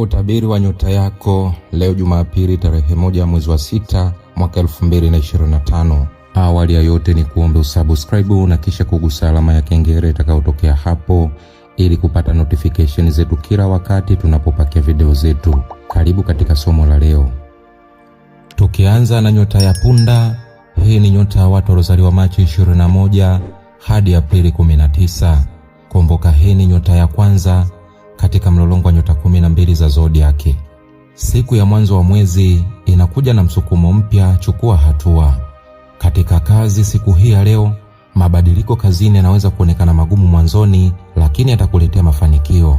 Utabiri wa nyota yako leo Jumapili tarehe moja mwezi wa sita mwaka tano. Awali ya yote ni kuombe usubscribe na kisha kugusa alama ya kengele itakayotokea hapo ili kupata notification zetu kila wakati tunapopakia video zetu. Karibu katika somo la leo, tukianza na nyota ya punda. Hii ni nyota ya watu waliozaliwa Machi 21 hadi Aprili 19. Kumbuka, hii ni nyota ya kwanza katika mlolongo wa nyota kumi na mbili za zodiaki. Siku ya mwanzo wa mwezi inakuja na msukumo mpya, chukua hatua katika kazi. Siku hii ya leo, mabadiliko kazini yanaweza kuonekana magumu mwanzoni, lakini yatakuletea mafanikio.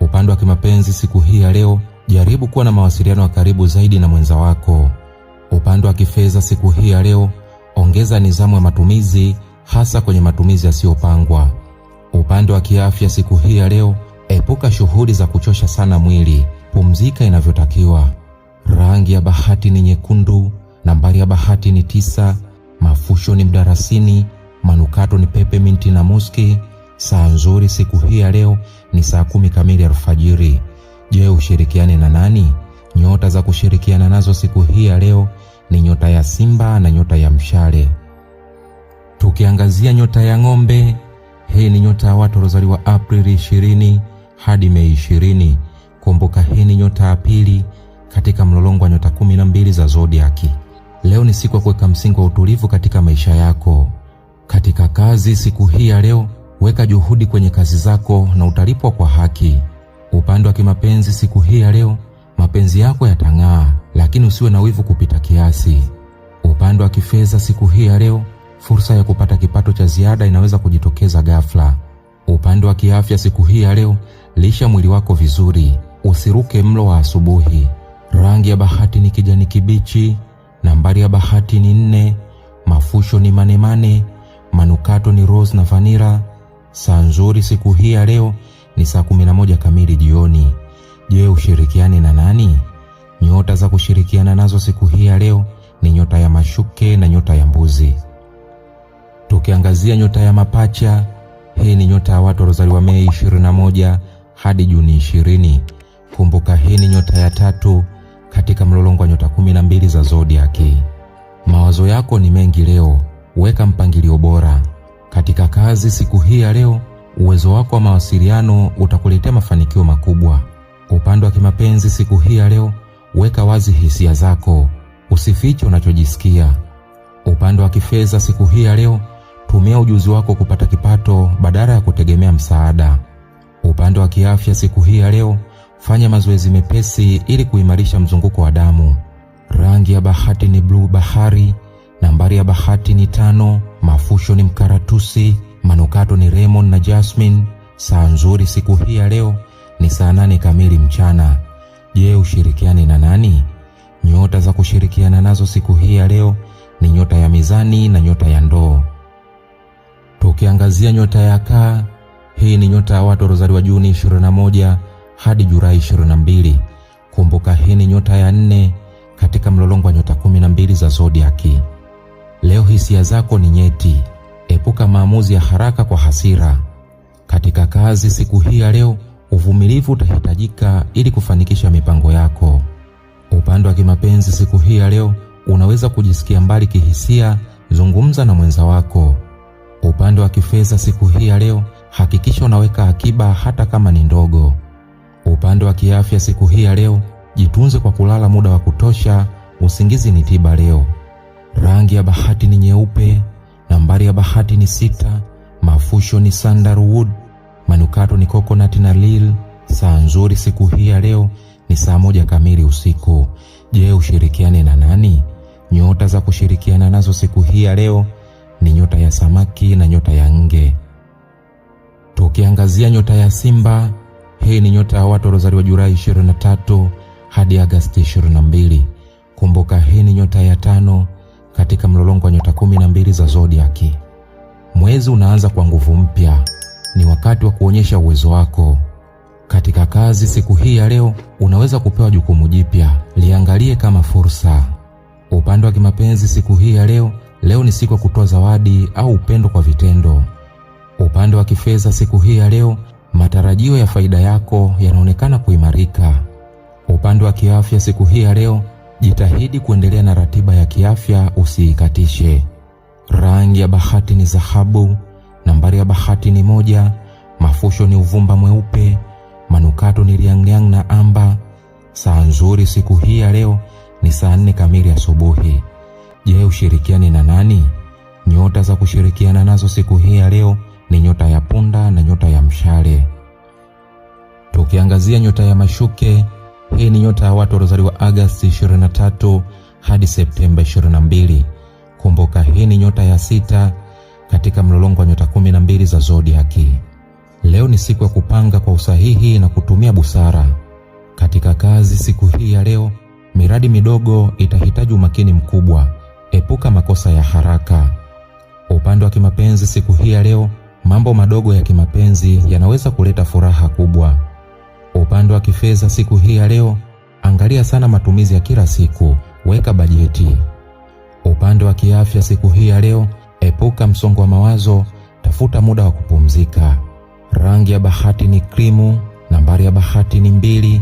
Upande wa kimapenzi, siku hii ya leo, jaribu kuwa na mawasiliano ya karibu zaidi na mwenza wako. Upande wa kifedha, siku hii ya leo, ongeza nidhamu ya matumizi, hasa kwenye matumizi yasiyopangwa. Upande wa kiafya, siku hii ya leo Epuka shughuli za kuchosha sana mwili, pumzika inavyotakiwa. Rangi ya bahati ni nyekundu, nambari ya bahati ni tisa, mafusho ni mdarasini, manukato ni minti na muski. Saa nzuri siku hii ya leo ni saa kumi kamili alfajiri. Je, ushirikiane na nani? Nyota za kushirikiana nazo siku hii ya leo ni nyota ya Simba na nyota ya Mshale. Tukiangazia nyota ya Ng'ombe, hii ni nyota ya watu waliozaliwa Aprili ishirini hadi Mei ishirini. ni nyota ya pili katika mlolongo wa nyota kumi na mbili za zodiaki. Leo ni siku ya kuweka msingi wa utulivu katika maisha yako. Katika kazi, siku hii ya leo, weka juhudi kwenye kazi zako na utalipwa kwa haki. Upande wa kimapenzi, siku hii ya leo, mapenzi yako yatang'aa, lakini usiwe na wivu kupita kiasi. Upande wa kifedha, siku hii ya leo, fursa ya kupata kipato cha ziada inaweza kujitokeza ghafla. Upande wa kiafya, siku hii ya leo, Lisha mwili wako vizuri, usiruke mlo wa asubuhi. Rangi ya bahati ni kijani kibichi. Nambari ya bahati ni nne. Mafusho ni manemane. Manukato ni rose na vanira. Saa nzuri siku hii ya leo ni saa moja kamili jioni. Je, ushirikiane na nani? Nyota za kushirikiana nazo siku hii ya leo ni nyota ya mashuke na nyota ya mbuzi. Tukiangazia nyota ya mapacha, hii ni nyota ya watu waliozaliwa Mei 21 hadi Juni ishirini. Kumbuka hii ni nyota ya tatu katika mlolongo wa nyota mbili za zodiaki. Mawazo yako ni mengi leo, weka mpangilio bora katika kazi siku hii ya leo. Uwezo wako wa mawasiliano utakuletea mafanikio makubwa. Upande wa kimapenzi siku hii ya leo, weka wazi hisia zako, usifiche unachojisikia. Upande wa kifedha siku hii ya leo, tumia ujuzi wako kupata kipato badala ya kutegemea msaada. Kwa upande wa kiafya siku hii ya leo, fanya mazoezi mepesi ili kuimarisha mzunguko wa damu. Rangi ya bahati ni bluu bahari. Nambari ya bahati ni tano. Mafusho ni mkaratusi. Manukato ni lemon na jasmine. Saa nzuri siku hii ya leo ni saa nane kamili mchana. Je, ushirikiane na nani? Nyota za kushirikiana nazo siku hii ya leo ni nyota ya mizani na nyota ya ndoo. Tukiangazia nyota ya kaa hii ni Nyota ya Watu waliozaliwa Juni 21 hadi Julai 22. Kumbuka, hii ni nyota ya nne katika mlolongo wa nyota 12 za zodiaki. Leo hisia zako ni nyeti, epuka maamuzi ya haraka kwa hasira. Katika kazi siku hii ya leo, uvumilivu utahitajika ili kufanikisha mipango yako. Upande wa kimapenzi siku hii ya leo, unaweza kujisikia mbali kihisia, zungumza na mwenza wako. Upande wa kifedha siku hii ya leo hakikisha unaweka akiba hata kama ni ndogo. Upande wa kiafya, siku hii ya leo, jitunze kwa kulala muda wa kutosha. Usingizi ni tiba leo. Rangi ya bahati ni nyeupe. Nambari ya bahati ni sita. Mafusho ni sandalwood. Manukato ni coconut na lil. Saa nzuri siku hii ya leo ni saa moja kamili usiku. Je, ushirikiane na nani? Nyota za kushirikiana nazo siku hii ya leo ni nyota ya samaki na nyota ya nge tukiangazia nyota ya Simba. Hii ni nyota ya watu waliozaliwa Julai 23 hadi Agasti 22. Kumbuka, hii ni nyota ya tano katika mlolongo wa nyota 12 za zodiaki. Mwezi unaanza kwa nguvu mpya, ni wakati wa kuonyesha uwezo wako katika kazi. Siku hii ya leo unaweza kupewa jukumu jipya, liangalie kama fursa. Upande wa kimapenzi siku hii ya leo, leo ni siku ya kutoa zawadi au upendo kwa vitendo. Upande wa kifedha siku hii ya leo, matarajio ya faida yako yanaonekana kuimarika. Upande wa kiafya siku hii ya leo, jitahidi kuendelea na ratiba ya kiafya, usiikatishe. Rangi ya bahati ni dhahabu, nambari ya bahati ni moja, mafusho ni uvumba mweupe, manukato ni riangliang na amba. Saa nzuri siku hii ya leo ni saa nne kamili asubuhi. Je, ushirikiani na nani? Nyota za kushirikiana nazo siku hii ya leo ni nyota ya punda na nyota ya mshale. Tukiangazia nyota ya mashuke, hii ni nyota ya watu waliozaliwa Agasti 23 hadi Septemba 22. Kumbuka, hii ni nyota ya sita katika mlolongo wa nyota 12 za zodiaki. Leo ni siku ya kupanga kwa usahihi na kutumia busara katika kazi. Siku hii ya leo, miradi midogo itahitaji umakini mkubwa. Epuka makosa ya haraka. Upande wa kimapenzi, siku hii ya leo Mambo madogo ya kimapenzi yanaweza kuleta furaha kubwa. upande wa kifedha siku hii ya leo, angalia sana matumizi ya kila siku, weka bajeti. Upande wa kiafya siku hii ya leo, epuka msongo wa mawazo, tafuta muda wa kupumzika. Rangi ya bahati ni krimu, nambari ya bahati ni mbili,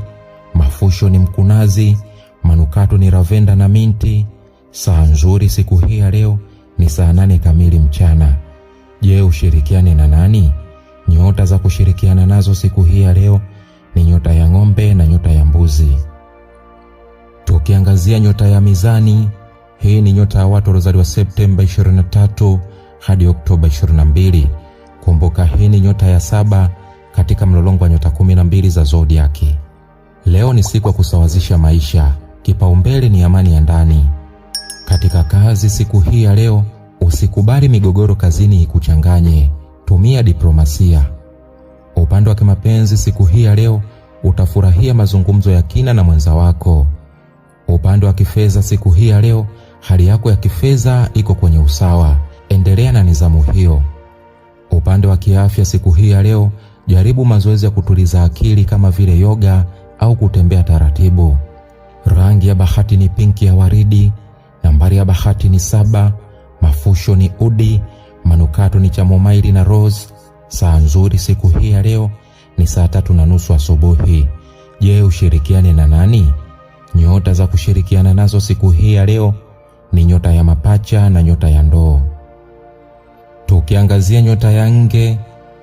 mafusho ni mkunazi, manukato ni ravenda na minti. Saa nzuri siku hii ya leo ni saa nane kamili mchana. Je, ushirikiane na nani? Nyota za kushirikiana nazo siku hii ya leo ni nyota ya ng'ombe na nyota ya mbuzi. Tukiangazia nyota ya mizani, hii ni nyota ya watu waliozaliwa Septemba 23 hadi Oktoba 22. Kumbuka, hii ni nyota ya saba katika mlolongo wa nyota 12 za zodiaki. Leo ni siku ya kusawazisha maisha, kipaumbele ni amani ya ndani. Katika kazi siku hii ya leo Usikubali migogoro kazini ikuchanganye, tumia diplomasia. Upande wa kimapenzi siku hii ya leo utafurahia mazungumzo ya kina na mwenza wako. Upande wa kifedha siku hii ya leo, hali yako ya kifedha iko kwenye usawa, endelea na nizamu hiyo. Upande wa kiafya siku hii ya leo, jaribu mazoezi ya kutuliza akili kama vile yoga au kutembea taratibu. Rangi ya bahati ni pinki ya waridi. Nambari ya bahati ni saba mafusho ni udi, manukato ni chamomaili na rose. Saa nzuri siku hii ya leo ni saa tatu na nusu asubuhi. Je, ushirikiane na nani? Nyota za kushirikiana nazo siku hii ya leo ni nyota ya mapacha na nyota ya ndoo. Tukiangazia nyota ya nge,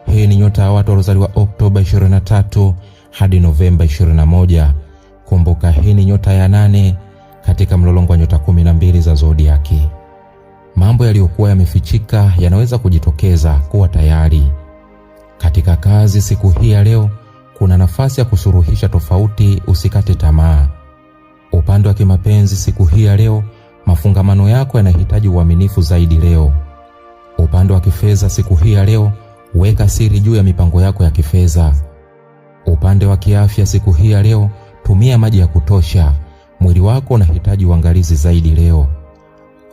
hii ni nyota ya watu waliozaliwa Oktoba 23 hadi Novemba 21. Kumbuka, hii ni nyota ya nane katika mlolongo wa nyota 12 za zodiaki mambo yaliyokuwa yamefichika yanaweza kujitokeza. Kuwa tayari. Katika kazi siku hii ya leo, kuna nafasi ya kusuruhisha tofauti. Usikate tamaa. Upande wa kimapenzi siku hii ya leo, mafungamano yako yanahitaji uaminifu zaidi leo. Upande wa kifedha siku hii ya leo, weka siri juu ya mipango yako ya kifedha. Upande wa kiafya siku hii ya leo, tumia maji ya kutosha. Mwili wako unahitaji uangalizi zaidi leo.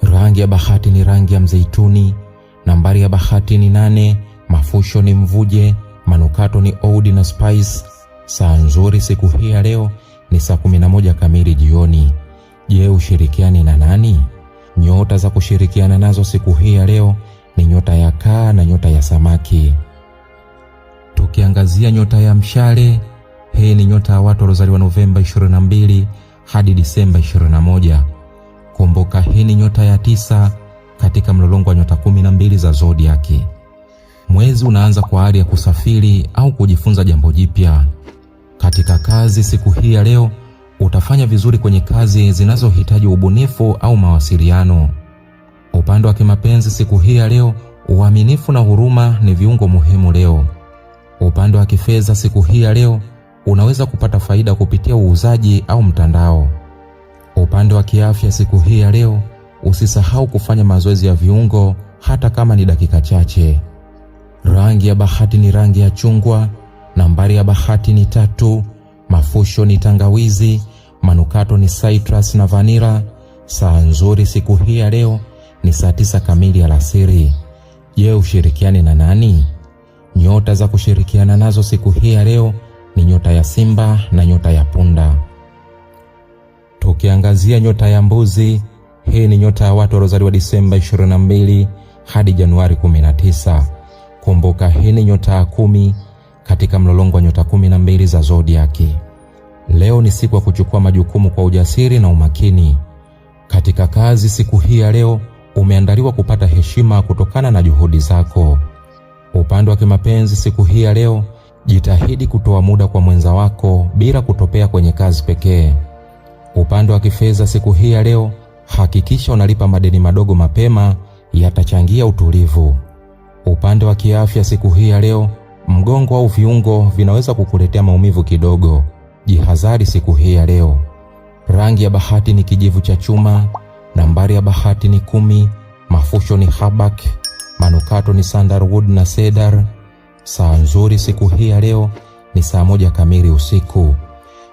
Rangi ya bahati ni rangi ya mzeituni. Nambari ya bahati ni nane. Mafusho ni mvuje. Manukato ni oud na spice. Saa nzuri siku hii ya leo ni saa 11 kamili jioni. Je, ushirikiani na nani? Nyota za kushirikiana nazo siku hii ya leo ni nyota ya kaa na nyota ya samaki. Tukiangazia nyota ya mshale, hii ni nyota ya watu waliozaliwa Novemba 22 hadi Disemba 21. Kumbuka hii ni nyota ya tisa katika mlolongo wa nyota kumi na mbili za zodiaki. Mwezi unaanza kwa hali ya kusafiri au kujifunza jambo jipya. Katika kazi siku hii ya leo, utafanya vizuri kwenye kazi zinazohitaji ubunifu au mawasiliano. Upande wa kimapenzi siku hii ya leo, uaminifu na huruma ni viungo muhimu leo. Upande wa kifedha siku hii ya leo, unaweza kupata faida kupitia uuzaji au mtandao. Kwa upande wa kiafya siku hii ya leo, usisahau kufanya mazoezi ya viungo hata kama ni dakika chache. Rangi ya bahati ni rangi ya chungwa. Nambari ya bahati ni tatu. Mafusho ni tangawizi. Manukato ni citrus na vanira. Saa nzuri siku hii ya leo ni saa tisa kamili alasiri. Je, ushirikiane na nani? Nyota za kushirikiana nazo siku hii ya leo ni nyota ya Simba na nyota ya Punda tukiangazia nyota ya mbuzi. Hii ni nyota ya watu waliozaliwa Disemba 22 hadi Januari 19. Kumbuka, hii ni nyota ya kumi katika mlolongo wa nyota mbili za zodiaki. Leo ni siku ya kuchukua majukumu kwa ujasiri na umakini katika kazi. Siku hii ya leo umeandaliwa kupata heshima kutokana na juhudi zako. Upande wa kimapenzi, siku hii ya leo, jitahidi kutoa muda kwa mwenza wako bila kutopea kwenye kazi pekee. Upande wa kifedha siku hii ya leo, hakikisha unalipa madeni madogo mapema, yatachangia utulivu. Upande wa kiafya siku hii ya leo, mgongo au viungo vinaweza kukuletea maumivu kidogo. Jihadhari siku hii ya leo. Rangi ya bahati ni kijivu cha chuma. Nambari ya bahati ni kumi. Mafusho ni habak. Manukato ni sandalwood na cedar. Saa nzuri siku hii ya leo ni saa moja kamili usiku.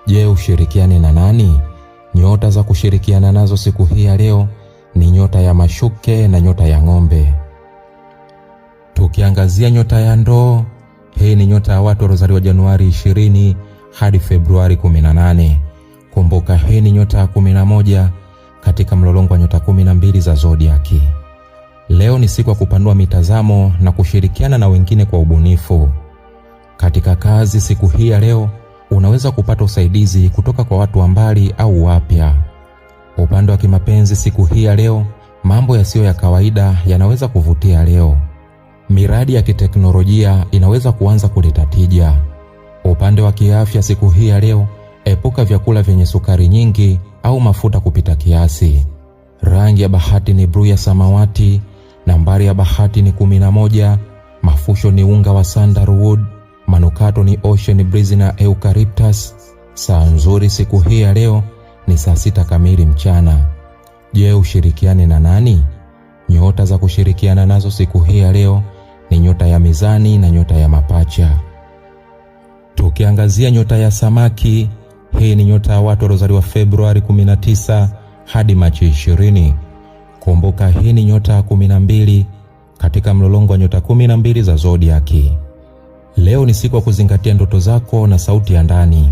Je, ushirikiane na nani? Nyota za kushirikiana nazo siku hii ya leo ni nyota ya mashuke na nyota ya ng'ombe. Tukiangazia nyota ya ndoo, hii ni nyota ya watu waliozaliwa Januari 20 hadi Februari 18. Kumbuka, hii ni nyota ya 11 katika mlolongo wa nyota 12 za zodiaki. Leo ni siku ya kupanua mitazamo na kushirikiana na wengine kwa ubunifu. Katika kazi siku hii ya leo unaweza kupata usaidizi kutoka kwa watu wa mbali au wapya. Upande wa kimapenzi siku hii ya leo, mambo yasiyo ya kawaida yanaweza kuvutia leo. Miradi ya kiteknolojia inaweza kuanza kuleta tija. Upande wa kiafya siku hii ya leo, epuka vyakula vyenye sukari nyingi au mafuta kupita kiasi. Rangi ya bahati ni bluu ya samawati. Nambari ya bahati ni kumi na moja. Mafusho ni unga wa sandalwood. Manukato ni Ocean Breeze na Eucalyptus. Saa nzuri siku hii ya leo ni saa sita kamili mchana. Je, ushirikiane na nani? Nyota za kushirikiana nazo siku hii ya leo ni nyota ya mizani na nyota ya mapacha. Tukiangazia nyota ya samaki, hii ni nyota ya watu waliozaliwa Februari 19 hadi Machi 20. Kumbuka, hii ni nyota ya 12 katika mlolongo wa nyota 12 za zodiaki. Leo ni siku ya kuzingatia ndoto zako na sauti ya ndani.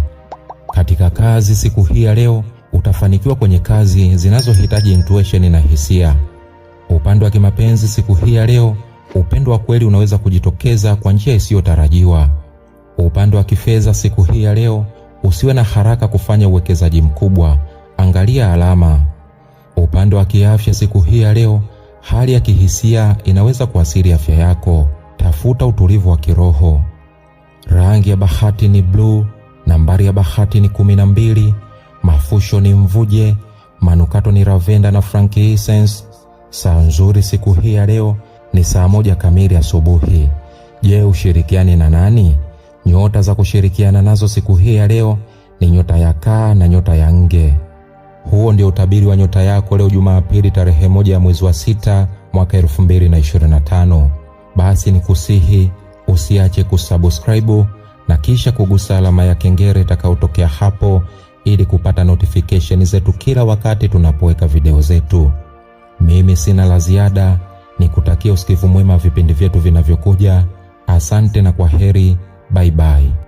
Katika kazi siku hii ya leo, utafanikiwa kwenye kazi zinazohitaji intuition na hisia. Upande wa kimapenzi siku hii ya leo, upendo wa kweli unaweza kujitokeza kwa njia isiyotarajiwa. Upande wa kifedha siku hii ya leo, usiwe na haraka kufanya uwekezaji mkubwa, angalia alama. Upande wa kiafya siku hii ya leo, hali ya kihisia inaweza kuathiri afya yako, tafuta utulivu wa kiroho. Rangi ya bahati ni bluu, nambari ya bahati ni kumi na mbili, mafusho ni mvuje, manukato ni ravenda na frankincense. Saa nzuri siku hii ya leo ni saa moja kamili asubuhi. Je, ushirikiane na nani? Nyota za kushirikiana nazo siku hii ya leo ni nyota ya kaa na nyota ya nge. Huo ndio utabiri wa nyota yako leo Jumapili tarehe moja ya mwezi wa sita mwaka 2025. Basi ni kusihi usiache kusubscribe na kisha kugusa alama ya kengele itakayotokea hapo ili kupata notification zetu kila wakati tunapoweka video zetu. Mimi sina la ziada, ni kutakia usikivu mwema vipindi vyetu vinavyokuja. Asante na kwa heri, bye bye.